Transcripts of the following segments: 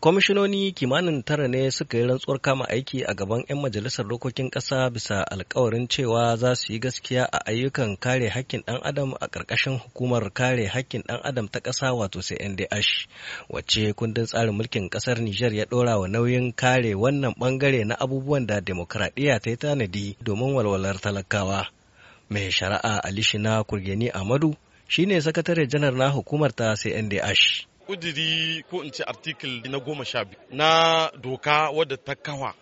Kwamishinoni kimanin tara ne suka yi rantsuwar kama aiki a gaban 'yan majalisar dokokin ƙasa bisa alkawarin cewa za su yi gaskiya a ayyukan kare hakkin ɗan adam a ƙarƙashin hukumar kare hakkin ɗan adam ta ƙasa wato CNDH wacce kundin tsarin mulkin ƙasar Nijar ya ɗora wa nauyin kare wannan ɓangare na abubuwan da demokradiyya ta yi tanadi domin walwalar talakawa. Mai shari'a Alishina Kurgeni Amadu shine sakatare janar na hukumar ta CNDH. kudiri ko in ce artikel na goma sha biyu na doka wadda ta kawa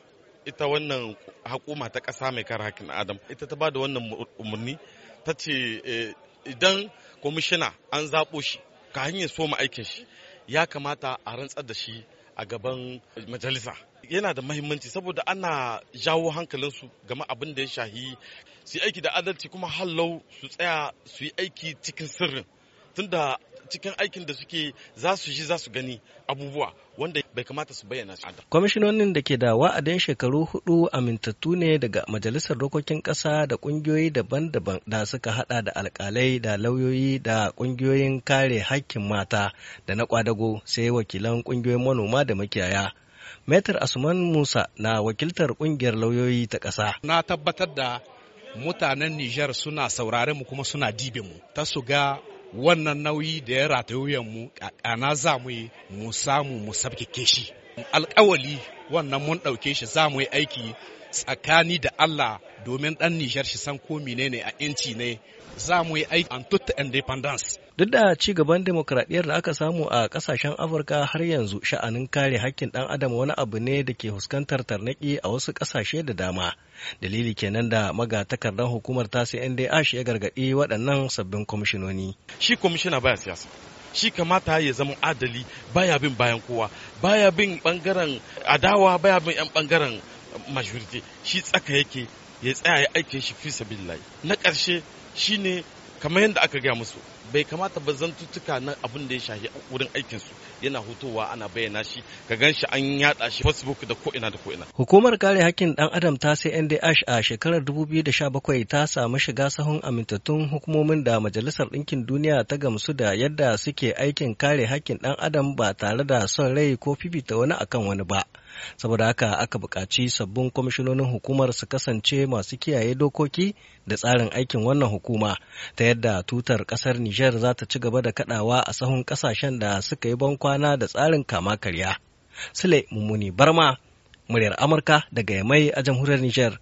ita wannan hakuma ta ƙasa mai kare hakin adam ita ta ba da wannan umarni ta ce eh, idan kwamishina an zaɓo shi ka hanyar so aikin shi ya kamata a rantsar da shi a gaban majalisa yana da mahimmanci saboda ana jawo hankalinsu game abin da ya shahi su yi aiki da adalci kuma hallau su tsaya su yi aiki cikin sirrin tunda cikin aikin da suke za su ji za su gani abubuwa wanda bai kamata su bayyana su. Kwamishinonin da ke da wa'adin shekaru hudu amintattu ne daga Majalisar Dokokin Ƙasa da kungiyoyi daban-daban da suka hada da alkalai da lauyoyi da kungiyoyin kare hakkin mata da na kwadago sai wakilan ƙungiyoyin manoma da makiyaya. Metar Asuman Musa na wakiltar ƙungiyar lauyoyi ta ƙasa. Na tabbatar da mutanen Nijar suna saurare mu kuma suna dibe mu ta su ga wannan nauyi da ya rata mu na za mu yi mu samu mu sabkike shi alkawali wannan mun ɗauke shi za mu yi aiki tsakani da Allah domin ɗan Nijar shi san ko ne a inci ne za mu yi aiki an tutta independence Duk da ci gaban demokradiyyar da aka samu a kasashen Afirka har yanzu sha'anin kare hakkin ɗan adam wani abu ne da ke fuskantar tarnaki a wasu ƙasashe da dama. Dalili kenan da magatakardar hukumar ta CNDH ya gargaɗi waɗannan sabbin kwamishinoni. Shi kwamishina baya siyasa. Shi kamata ya zama adali baya bin bayan kowa, baya bin bangaren adawa, baya bin 'yan bangaren majority. Shi tsaka yake ya tsaya ya aikin shi fi Na ƙarshe shine kamar yadda aka gaya musu bai kamata ba zantuttuka na abin da ya shahi wurin aikinsu yana hutowa ana bayyana shi ka gan shi an yada shi facebook da ko'ina da ina. hukumar kare hakkin dan adam ta sai ndh a shekarar 2017 ta samu shiga sahun amintattun hukumomin da majalisar ɗinkin duniya ta gamsu da yadda suke aikin kare hakkin dan adam ba tare da son rai ko fifita wani akan wani ba. saboda haka aka buƙaci sabbin kwamishinonin hukumar su kasance masu kiyaye dokoki da tsarin aikin wannan hukuma ta yadda tutar ƙasar Nijar za ta ci gaba da kaɗawa a sahun ƙasashen da suka yi bankwana da tsarin kama karya. Sule Mummuni Barma, muryar Amurka daga Yamai a jamhuriyar Nijar.